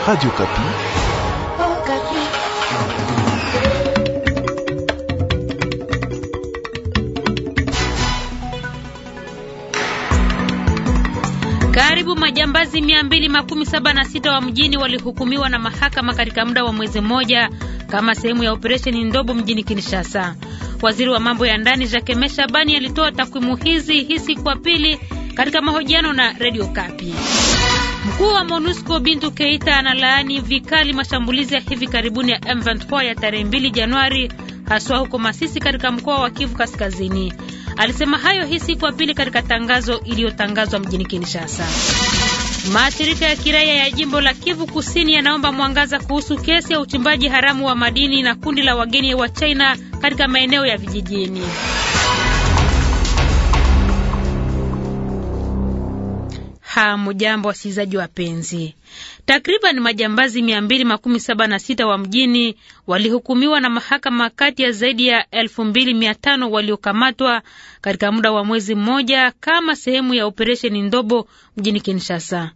Radio Kapi. Oh, Kapi. Karibu majambazi 276 wa mjini walihukumiwa na mahakama katika muda wa mwezi mmoja kama sehemu ya operesheni Ndobo mjini Kinshasa. Waziri wa mambo ya ndani Jakeme Shabani alitoa takwimu hizi hii siku ya pili katika mahojiano na Radio Kapi. Mkuu wa MONUSCO Bintu Keita analaani vikali mashambulizi ya hivi karibuni ya M23 ya tarehe 2 Januari haswa huko Masisi katika mkoa wa Kivu Kaskazini. Alisema hayo hii siku ya pili katika tangazo iliyotangazwa mjini Kinshasa. Mashirika ya kiraia ya jimbo la Kivu Kusini yanaomba mwangaza kuhusu kesi ya uchimbaji haramu wa madini na kundi la wageni wa China katika maeneo ya vijijini. Hamujambo wasikilizaji wapenzi. Takriban majambazi mia mbili makumi saba na sita wa mjini walihukumiwa na mahakama kati ya zaidi ya elfu mbili mia tano waliokamatwa katika muda wa mwezi mmoja kama sehemu ya operesheni Ndobo mjini Kinshasa.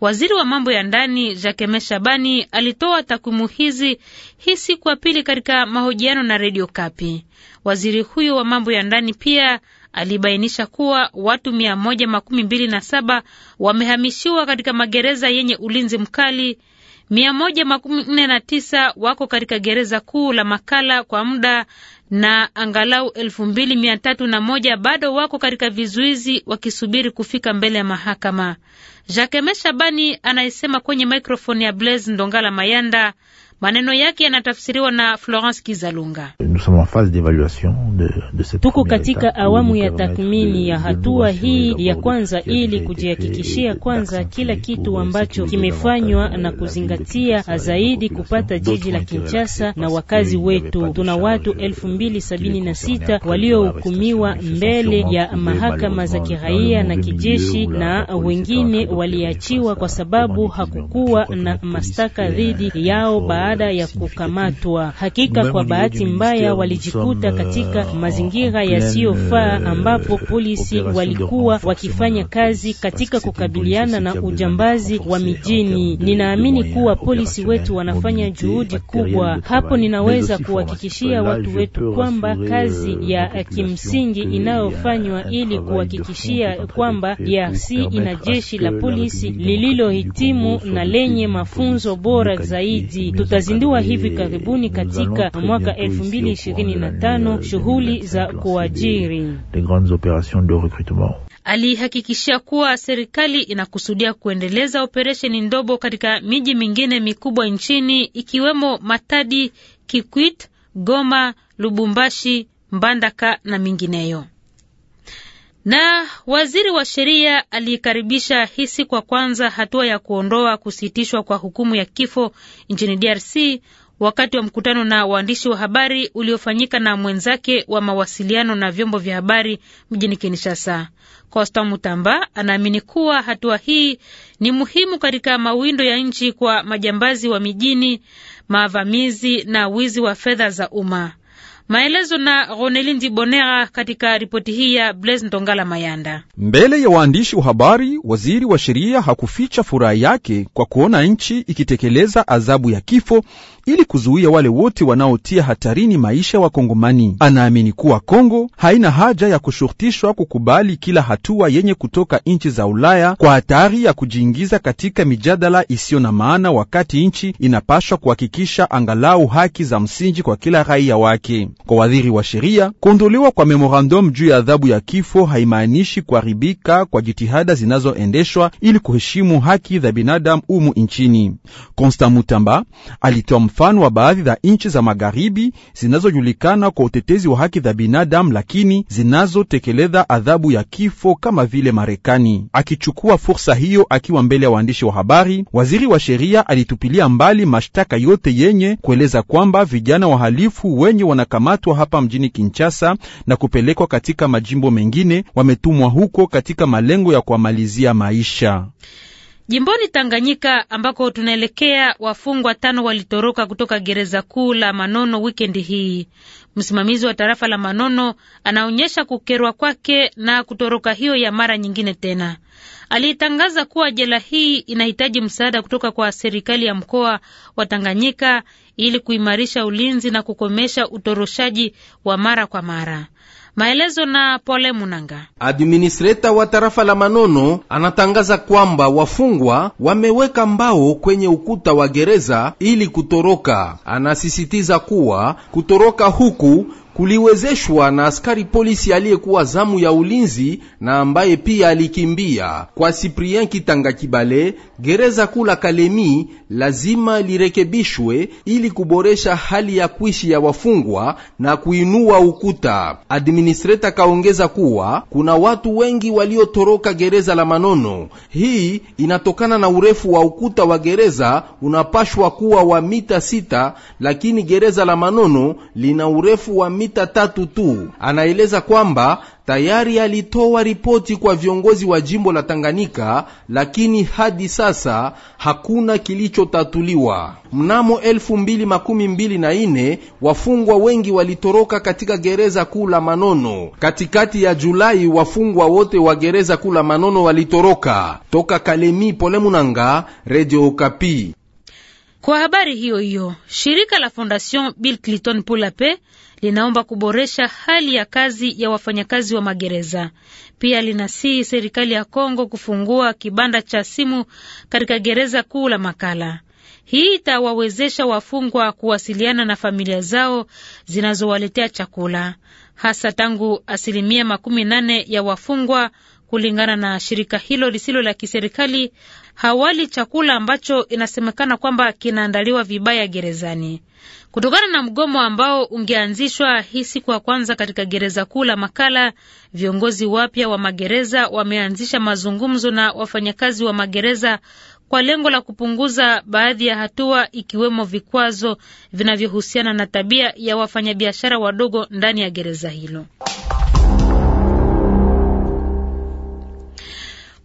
Waziri wa mambo ya ndani Jakeme Shabani alitoa takwimu hizi hii siku ya pili katika mahojiano na redio Kapi. Waziri huyo wa mambo ya ndani pia alibainisha kuwa watu saba wamehamishiwa katika magereza yenye ulinzi mkali, tisa wako katika gereza kuu la Makala kwa muda na angalau moja bado wako katika vizuizi wakisubiri kufika mbele ya mahakama. Jakeme Shabani anayesema kwenye maikrofoni ya Blaise Ndongala Mayanda Maneno yake yanatafsiriwa na Florence Kizalunga. Tuko katika awamu ya tathmini ya hatua hii ya kwanza, ili kujihakikishia kwanza kila kitu ambacho kimefanywa na kuzingatia zaidi kupata jiji la Kinshasa na wakazi wetu. Tuna watu sita waliohukumiwa mbele ya mahakama za kiraia na kijeshi, na wengine waliachiwa kwa sababu hakukuwa na mashtaka dhidi yao baada ya kukamatwa. Hakika kwa bahati mbaya walijikuta katika mazingira yasiyofaa, eh, ambapo polisi walikuwa wakifanya kazi katika kukabiliana na ujambazi wa mijini. Ninaamini kuwa polisi wetu wanafanya juhudi kubwa hapo. Ninaweza kuhakikishia watu wetu kwamba kazi eh, ya kimsingi inayofanywa ili kuhakikishia kwamba DRC e ina jeshi la polisi lililohitimu na lenye mafunzo bora zaidi. Tuta tutazindua hivi karibuni katika mwaka 2025 shughuli za kuajiri. Alihakikishia kuwa serikali inakusudia kuendeleza operesheni ndogo katika miji mingine mikubwa nchini ikiwemo Matadi, Kikwit, Goma, Lubumbashi, Mbandaka na mingineyo. Na waziri wa sheria aliikaribisha hisi kwa kwanza hatua ya kuondoa kusitishwa kwa hukumu ya kifo nchini DRC wakati wa mkutano na waandishi wa habari uliofanyika na mwenzake wa mawasiliano na vyombo vya habari mjini Kinshasa. Costa Mutamba anaamini kuwa hatua hii ni muhimu katika mawindo ya nchi kwa majambazi wa mijini, maavamizi na wizi wa fedha za umma. Maelezo na Ronelindi Bonera katika ripoti hii ya Blaise Ntongala Mayanda. Mbele ya waandishi wa habari, waziri wa sheria hakuficha furaha yake kwa kuona nchi ikitekeleza adhabu ya kifo ili kuzuia wale wote wanaotia hatarini maisha ya Wakongomani. Anaamini kuwa Kongo haina haja ya kushurutishwa kukubali kila hatua yenye kutoka nchi za Ulaya kwa hatari ya kujiingiza katika mijadala isiyo na maana, wakati nchi inapashwa kuhakikisha angalau haki za msingi kwa kila raia wake. Kwa waziri wa sheria, kuondolewa kwa memorandum juu ya adhabu ya kifo haimaanishi kuharibika kwa jitihada zinazoendeshwa ili kuheshimu haki za binadamu humu nchini. Constant Mutamba alitoa mfano wa baadhi za nchi za magharibi zinazojulikana kwa utetezi wa haki za binadamu, lakini zinazotekeleza adhabu ya kifo kama vile Marekani. Akichukua fursa hiyo akiwa mbele ya waandishi wa habari, waziri wa sheria alitupilia mbali mashtaka yote yenye kueleza kwamba vijana wahalifu wenye wanakam walikamatwa hapa mjini Kinshasa na kupelekwa katika majimbo mengine, wametumwa huko katika malengo ya kuwamalizia maisha. Jimboni Tanganyika ambako tunaelekea, wafungwa tano walitoroka kutoka gereza kuu la Manono wikendi hii. Msimamizi wa tarafa la Manono anaonyesha kukerwa kwake na kutoroka hiyo ya mara nyingine tena alitangaza kuwa jela hii inahitaji msaada kutoka kwa serikali ya mkoa wa Tanganyika ili kuimarisha ulinzi na kukomesha utoroshaji wa mara kwa mara. Maelezo na Pole Munanga. Administreta wa tarafa la Manono anatangaza kwamba wafungwa wameweka mbao kwenye ukuta wa gereza ili kutoroka. Anasisitiza kuwa kutoroka huku kuliwezeshwa na askari polisi aliyekuwa zamu ya ulinzi na ambaye pia alikimbia. Kwa Cyprien Kitanga Kibale, gereza kula Kalemi lazima lirekebishwe ili kuboresha hali ya kuishi ya wafungwa na kuinua ukuta. Administrator kaongeza kuwa kuna watu wengi waliotoroka gereza la Manono. Hii inatokana na urefu wa ukuta wa gereza unapashwa kuwa wa mita sita, lakini gereza la Manono lina urefu wa mita kilomita tatu tu. Anaeleza kwamba tayari alitoa ripoti kwa viongozi wa jimbo la Tanganyika, lakini hadi sasa hakuna kilichotatuliwa. Mnamo elfu mbili makumi mbili na ine wafungwa wengi walitoroka katika gereza kuu la Manono. Katikati ya Julai wafungwa wote wa gereza kuu la Manono walitoroka toka Kalemi. Pole Munanga, Radio Okapi. Kwa habari hiyo hiyo, shirika la Fondation Bill Clinton pour la Paix linaomba kuboresha hali ya kazi ya wafanyakazi wa magereza. Pia linasihi serikali ya Kongo kufungua kibanda cha simu katika gereza kuu la Makala. Hii itawawezesha wafungwa kuwasiliana na familia zao zinazowaletea chakula, hasa tangu asilimia makumi nane ya wafungwa kulingana na shirika hilo lisilo la kiserikali hawali chakula ambacho inasemekana kwamba kinaandaliwa vibaya gerezani. Kutokana na mgomo ambao ungeanzishwa hii siku ya kwanza katika gereza kuu la Makala, viongozi wapya wa magereza wameanzisha mazungumzo na wafanyakazi wa magereza kwa lengo la kupunguza baadhi ya hatua ikiwemo vikwazo vinavyohusiana na tabia ya wafanyabiashara wadogo ndani ya gereza hilo.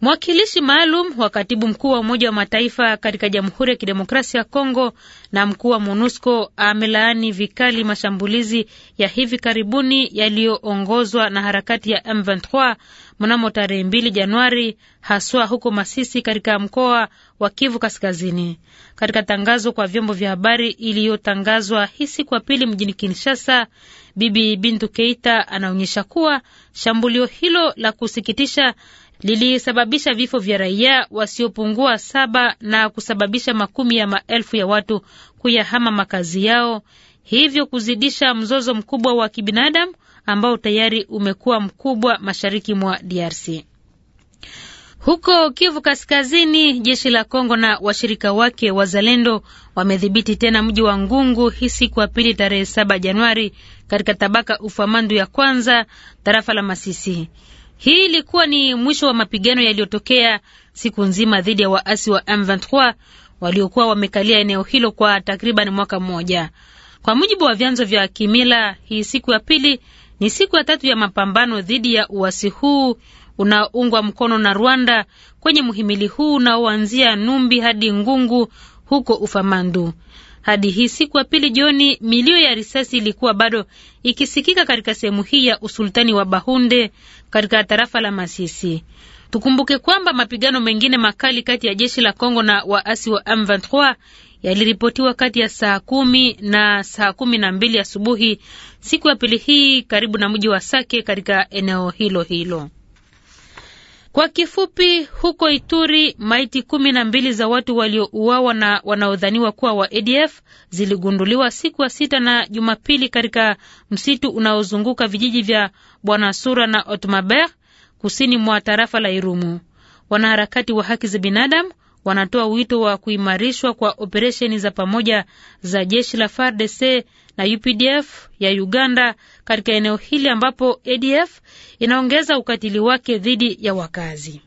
Mwakilishi maalum wa katibu mkuu wa Umoja wa Mataifa katika Jamhuri ya Kidemokrasia ya Kongo na mkuu wa MONUSCO amelaani vikali mashambulizi ya hivi karibuni yaliyoongozwa na harakati ya M23 mnamo tarehe 2 Januari, haswa huko Masisi katika mkoa wa Kivu Kaskazini. Katika tangazo kwa vyombo vya habari iliyotangazwa hii siku ya pili mjini Kinshasa, Bibi Bintu Keita anaonyesha kuwa shambulio hilo la kusikitisha lilisababisha vifo vya raia wasiopungua saba na kusababisha makumi ya maelfu ya watu kuyahama makazi yao, hivyo kuzidisha mzozo mkubwa wa kibinadamu ambao tayari umekuwa mkubwa mashariki mwa DRC. Huko Kivu Kaskazini, jeshi la Kongo na washirika wake wazalendo wamedhibiti tena mji wa Ngungu hii siku ya pili tarehe 7 Januari katika tabaka Ufamandu ya kwanza tarafa la Masisi. Hii ilikuwa ni mwisho wa mapigano yaliyotokea siku nzima dhidi ya waasi wa M23 waliokuwa wamekalia eneo hilo kwa takriban mwaka mmoja. Kwa mujibu wa vyanzo vya kimila, hii siku ya pili ni siku ya tatu ya mapambano dhidi ya uasi huu unaoungwa mkono na Rwanda kwenye mhimili huu unaoanzia Numbi hadi Ngungu huko Ufamandu. Hadi hii siku ya pili jioni, milio ya risasi ilikuwa bado ikisikika katika sehemu hii ya usultani wa Bahunde katika tarafa la Masisi. Tukumbuke kwamba mapigano mengine makali kati ya jeshi la Kongo na waasi wa M23 yaliripotiwa kati ya saa kumi na saa kumi na mbili asubuhi siku ya pili hii karibu na mji wa Sake katika eneo hilo hilo. Kwa kifupi, huko Ituri maiti kumi na mbili za watu waliouawa na wanaodhaniwa kuwa wa ADF ziligunduliwa siku ya sita na Jumapili katika msitu unaozunguka vijiji vya Bwanasura na Otmaber kusini mwa tarafa la Irumu. Wanaharakati wa haki za binadamu wanatoa wito wa kuimarishwa kwa operesheni za pamoja za jeshi la FARDC na UPDF ya Uganda katika eneo hili ambapo ADF inaongeza ukatili wake dhidi ya wakazi.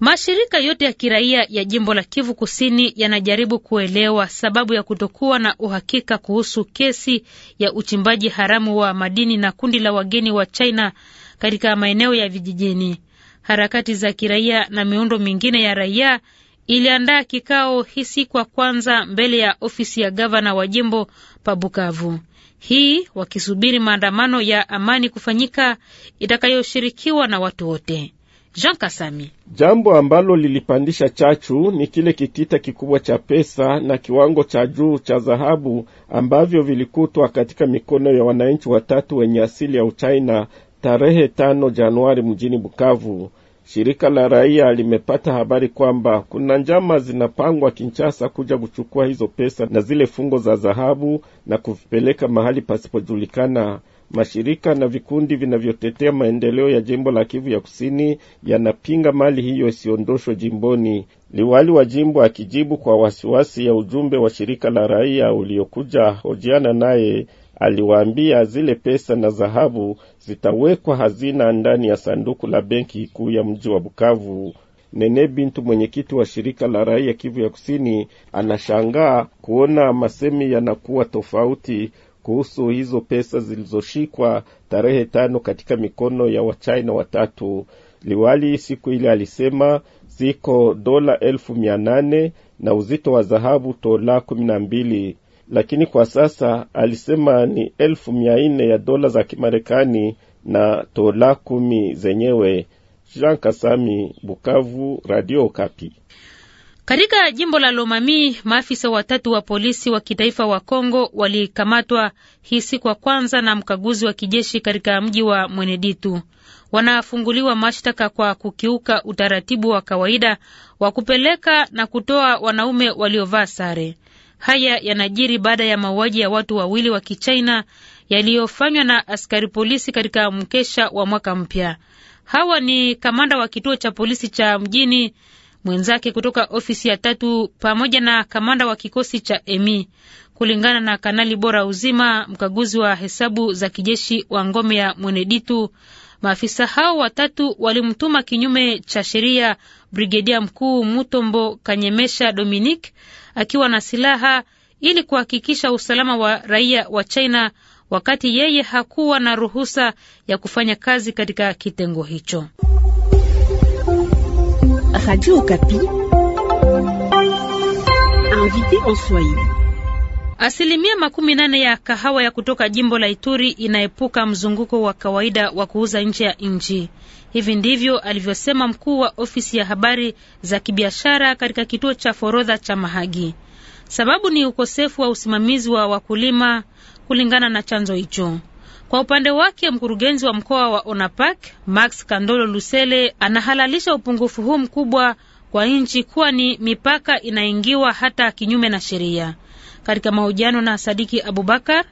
Mashirika yote ya kiraia ya jimbo la Kivu Kusini yanajaribu kuelewa sababu ya kutokuwa na uhakika kuhusu kesi ya uchimbaji haramu wa madini na kundi la wageni wa China katika maeneo ya vijijini. Harakati za kiraia na miundo mingine ya raia iliandaa kikao hii siku ya kwanza mbele ya ofisi ya gavana wa jimbo pa Bukavu. Hii wakisubiri maandamano ya amani kufanyika itakayoshirikiwa na watu wote. Jean Kasami. Jambo ambalo lilipandisha chachu ni kile kitita kikubwa cha pesa na kiwango cha juu cha dhahabu ambavyo vilikutwa katika mikono ya wananchi watatu wenye asili ya Uchina tarehe tano Januari mjini Bukavu. Shirika la raia limepata habari kwamba kuna njama zinapangwa Kinshasa kuja kuchukua hizo pesa na zile fungo za dhahabu na kuvipeleka mahali pasipojulikana. Mashirika na vikundi vinavyotetea maendeleo ya jimbo la Kivu ya Kusini yanapinga mali hiyo isiondoshwe jimboni. Liwali wa jimbo akijibu kwa wasiwasi ya ujumbe wa shirika la raia uliokuja hojiana naye aliwaambia zile pesa na dhahabu zitawekwa hazina ndani ya sanduku la benki kuu ya mji wa Bukavu. Nene Bintu, mwenyekiti wa shirika la raia Kivu ya Kusini, anashangaa kuona masemi yanakuwa tofauti kuhusu hizo pesa zilizoshikwa tarehe tano katika mikono ya Wachina watatu. Liwali siku ile alisema ziko dola elfu mia nane na uzito wa dhahabu tola kumi na mbili lakini kwa sasa alisema ni elfu mia nne ya dola za Kimarekani na tola kumi zenyewe. Jean Kasami, Bukavu, Radio Kapi. Katika jimbo la Lomami, maafisa watatu wa polisi wa kitaifa wa Kongo walikamatwa hii siku ya kwanza na mkaguzi wa kijeshi katika mji wa Mweneditu. Wanafunguliwa mashtaka kwa kukiuka utaratibu wa kawaida wa kupeleka na kutoa wanaume waliovaa sare. Haya yanajiri baada ya mauaji ya watu wawili wa Kichina yaliyofanywa na askari polisi katika mkesha wa mwaka mpya. Hawa ni kamanda wa kituo cha polisi cha mjini, mwenzake kutoka ofisi ya tatu, pamoja na kamanda wa kikosi cha EMI. Kulingana na Kanali Bora Uzima, mkaguzi wa hesabu za kijeshi wa ngome ya Mweneditu, Maafisa hao watatu walimtuma kinyume cha sheria brigedia mkuu Mutombo Kanyemesha dominik akiwa na silaha ili kuhakikisha usalama wa raia wa China wakati yeye hakuwa na ruhusa ya kufanya kazi katika kitengo hicho. Radio Okapi invité en Swahili. Asilimia makumi nane ya kahawa ya kutoka jimbo la Ituri inaepuka mzunguko wa kawaida wa kuuza nje ya nchi. Hivi ndivyo alivyosema mkuu wa ofisi ya habari za kibiashara katika kituo cha forodha cha Mahagi. Sababu ni ukosefu wa usimamizi wa wakulima, kulingana na chanzo hicho. Kwa upande wake mkurugenzi wa mkoa wa ONAPAK Max Kandolo Lusele anahalalisha upungufu huu mkubwa kwa nchi, kuwa ni mipaka inaingiwa hata kinyume na sheria. Katika mahojiano na Sadiki Abubakar,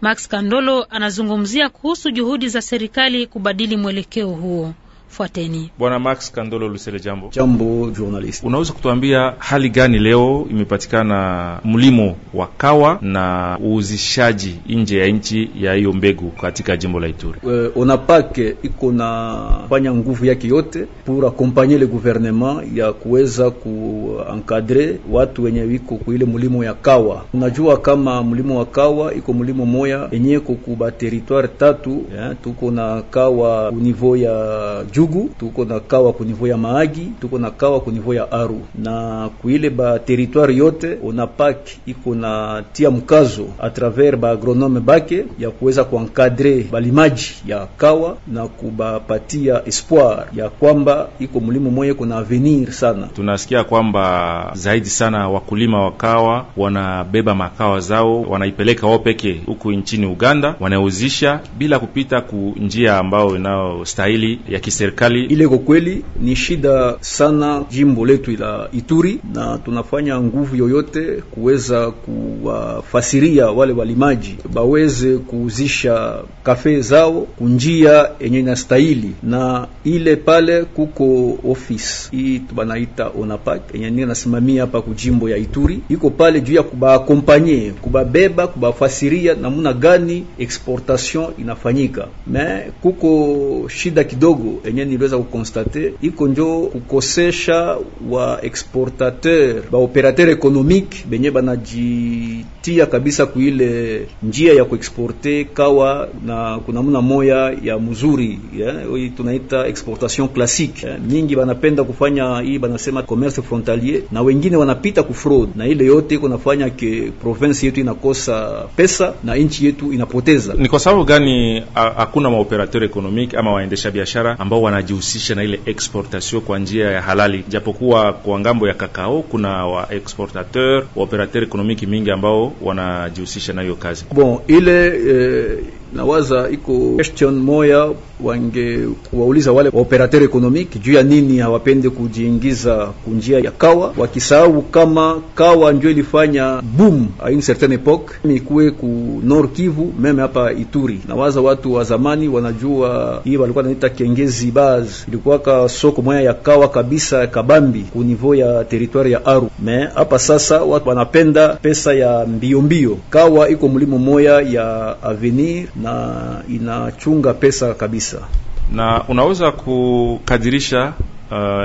Max Kandolo anazungumzia kuhusu juhudi za serikali kubadili mwelekeo huo. Fuateni. Bwana Max Kandolo Lusele, jambo. Jambo journalist. Unaweza kutuambia hali gani leo imepatikana mlimo wa kawa na uuzishaji nje ya nchi ya hiyo mbegu katika jimbo la Ituri? We, Onapake iko na fanya nguvu yake yote pour accompagner le gouvernement ya kuweza kuencadre watu wenye wiko kuile mlimo ya kawa. Unajua kama mlimo wa kawa iko mlimo moya enye kukuba territoire tatu yeah, tuko na kawa au niveau ya Jugu, tuko na kawa kunivo ya Maagi, tuko na kawa kunivo ya Aru na kuile ba territoire yote ona pak iko na tia mkazo a travers ba agronome bake ya kuweza kuankadre balimaji ya kawa na kubapatia espoir ya kwamba iko mlimo moye kuna avenir sana. Tunasikia kwamba zaidi sana wakulima wa kawa wanabeba makawa zao wanaipeleka wao peke huku nchini Uganda, wanauzisha bila kupita ku njia ambayo inayostahili ya kise serikali. Ile kwa kweli ni shida sana jimbo letu la Ituri, na tunafanya nguvu yoyote kuweza kuwafasiria wale walimaji baweze kuuzisha kafe zao kunjia enye inastahili, na ile pale kuko office hii tubanaita ONAPAC yenye nasimamia hapa kujimbo ya Ituri, iko pale juu ya kubaakompanye, kubabeba, kubafasiria namuna gani exportation inafanyika, me kuko shida kidogo yenye niliweza kukonstate iko njo kukosesha wa exportateur ba operateur ekonomike benye banajitia kabisa kuile njia ya kuexporte kawa na kunamuna moya ya mzuri yeah? tunaita exportation classique yeah? mingi banapenda kufanya hii banasema commerce frontalier, na wengine wanapita ku fraud, na ile yote iko nafanya ke province yetu inakosa pesa na nchi yetu inapoteza. Ni kwa sababu gani hakuna maoperateur ekonomike ama waendesha biashara ambao wanajihusisha na ile exportation kwa njia ya halali, japokuwa kwa ngambo ya kakao kuna wa exportateur wa operateur ekonomiki mingi ambao wanajihusisha na hiyo kazi. Bon, ile eh, nawaza iko question moya wange kuwauliza wale operateur ekonomiki juu ya nini hawapende kujiingiza kunjia ya kawa, wakisahau kama kawa njo ilifanya boom a une certaine epoque ikuwe ku Nord Kivu, meme hapa Ituri. Na waza watu wa zamani wanajua hii, walikuwa naita Kengezi Baz, ilikuwaka soko moya ya kawa kabisa kabambi ku niveau ya territoire ya Aru. Me hapa sasa watu wanapenda pesa ya mbio mbio. Kawa iko mlimo moya ya avenir na inachunga pesa kabisa kabisa. Na unaweza kukadirisha uh,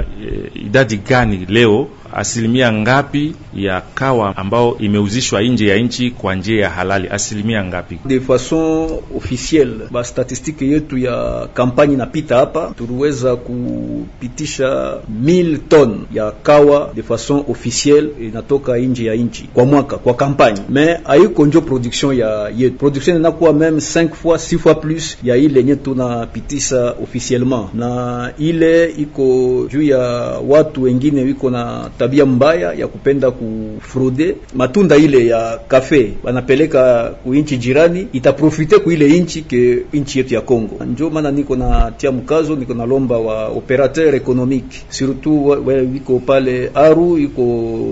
idadi gani leo asilimia ngapi ya kawa ambao imeuzishwa nje ya nchi kwa njia ya halali, asilimia ngapi? De façon officielle ba statistique yetu ya kampani napita hapa, tuliweza kupitisha 1000 ton ya kawa de façon officielle inatoka nje ya nchi kwa mwaka kwa kampani, mais haiko njo production ya yetu. Production inakuwa meme 5 fois 6 fois plus ya ile yenye tunapitisha officiellement, na ile iko juu ya watu wengine wiko na tabia mbaya ya kupenda kufraude matunda ile ya kafe banapeleka inchi jirani, itaprofite ile inchi ke inchi yetu ya Kongo. Njo maana niko na tia mkazo, niko nalomba wa operateur economique surtout wiko pale Aru iko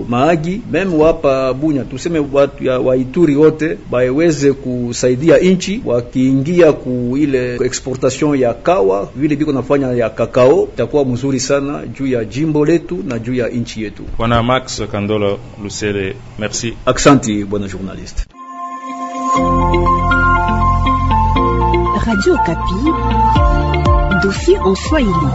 Maagi meme wapa Bunya, tuseme watu ya Waituri wote baweze kusaidia inchi wakiingia ku ile exportation ya kawa vile biko nafanya ya kakao, itakuwa mzuri sana juu ya jimbo letu na juu ya inchi yetu yetu. Bwana Max kandolo Lusele, merci. Aksanti bwana journaliste. Radio Kapi, dofi en Swahili.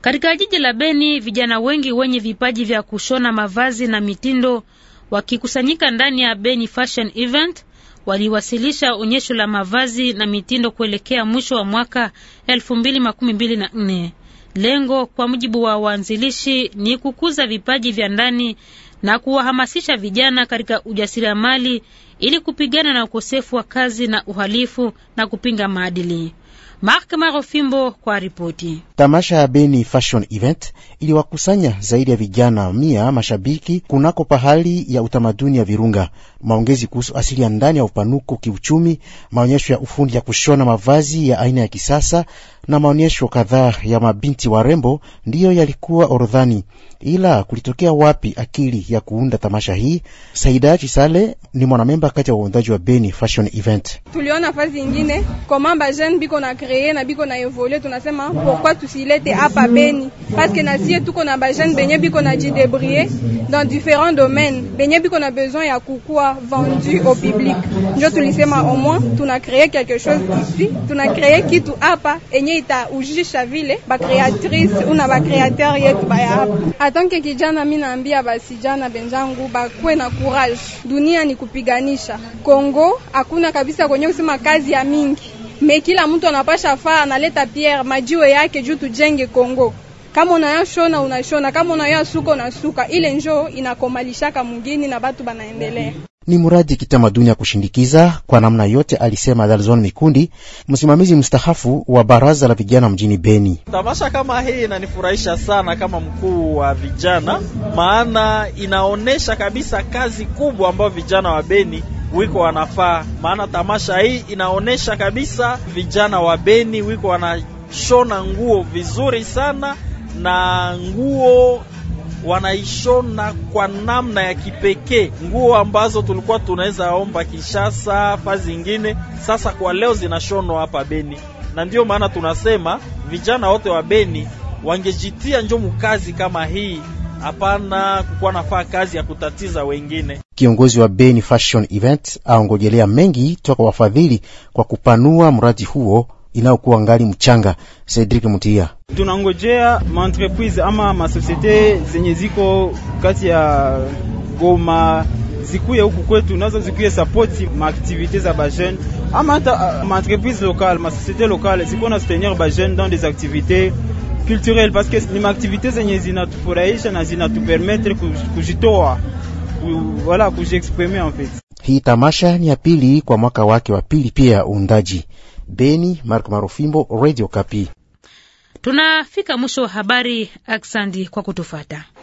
Katika jiji la Beni, vijana wengi wenye vipaji vya kushona mavazi na mitindo wakikusanyika ndani ya Beni Fashion Event waliwasilisha onyesho la mavazi na mitindo kuelekea mwisho wa mwaka 2024. Lengo kwa mujibu wa waanzilishi ni kukuza vipaji vya ndani na kuwahamasisha vijana katika ujasiriamali ili kupigana na ukosefu wa kazi na uhalifu na kupinga maadili. Mark Marofimbo kwa ripoti. Tamasha ya Beni Fashion Event iliwakusanya zaidi ya vijana mia mashabiki kunako pahali ya utamaduni ya Virunga. Maongezi kuhusu asili ya ndani ya upanuko kiuchumi, maonyesho ya ufundi ya kushona mavazi ya aina ya kisasa na maonyesho kadhaa ya mabinti warembo ndiyo yalikuwa orodhani. Ila kulitokea wapi akili ya kuunda tamasha hii? Saida Chisale ni mwanamemba kati ya uundaji wa Beni Fashion Event. Tuliona fazi ingine komamba jen biko na recree na biko na evolue, tunasema pourquoi tusilete hapa Beni, parce que sie tuko na bajene benye biko na jidebrie dans différents domaines benye biko na besoin ya kukua vendu au public. Njo tulisema au moins tuna créer quelque chose ici, tuna créer kitu hapa enye itaujisha vile bakreatrice una créateur yetu baya hapa. Atanke kijana, mi naambia benjangu ba bakwe na courage, dunia ni kupiganisha Congo, hakuna kabisa kwenye kusema kazi ya mingi me kila mtu anapasha faa analeta pierre majiwe yake juu tujenge Kongo. Kama shona unashona, kama suka unasuka, ile njo inakomalishaka mwingine na batu banaendelea ni muradi kitamaduni ya kushindikiza kwa namna yote, alisema Dalzon Mikundi, msimamizi mstahafu wa baraza la vijana mjini Beni. Tamasha kama hii inanifurahisha sana kama mkuu wa vijana, maana inaonyesha kabisa kazi kubwa ambayo vijana wa Beni wiko wanafaa, maana tamasha hii inaonesha kabisa vijana wa Beni wiko wanashona nguo vizuri sana, na nguo wanaishona kwa namna ya kipekee, nguo ambazo tulikuwa tunaweza omba Kinshasa, fazi ingine, sasa kwa leo zinashonwa hapa Beni, na ndiyo maana tunasema vijana wote wa Beni wangejitia njo mukazi kama hii hapana kukuwa nafaa kazi ya kutatiza wengine. Kiongozi wa Beni Fashion Event aongojelea mengi toka wafadhili kwa kupanua mradi huo inayokuwa ngali mchanga. Cedric Mutia: tunangojea maentreprise ama masosiete zenye ziko kati ya Goma zikuye huku kwetu, nazo zikuye sapoti maaktivite za bajene ama hata uh, maentreprise lokale masosiete lokale zikuwe na soutenir bajene dans des activités culturel, parce que ni maaktivite zenye zinatufurahisha na zinatupermetre kujitoa wala kujiexprimer en fait. Hii tamasha ni ya pili kwa mwaka wake wa pili pia uundaji. Beni, Mark Marufimbo, Radio Kapi. Tunafika mwisho wa habari. Aksandi kwa kutufata.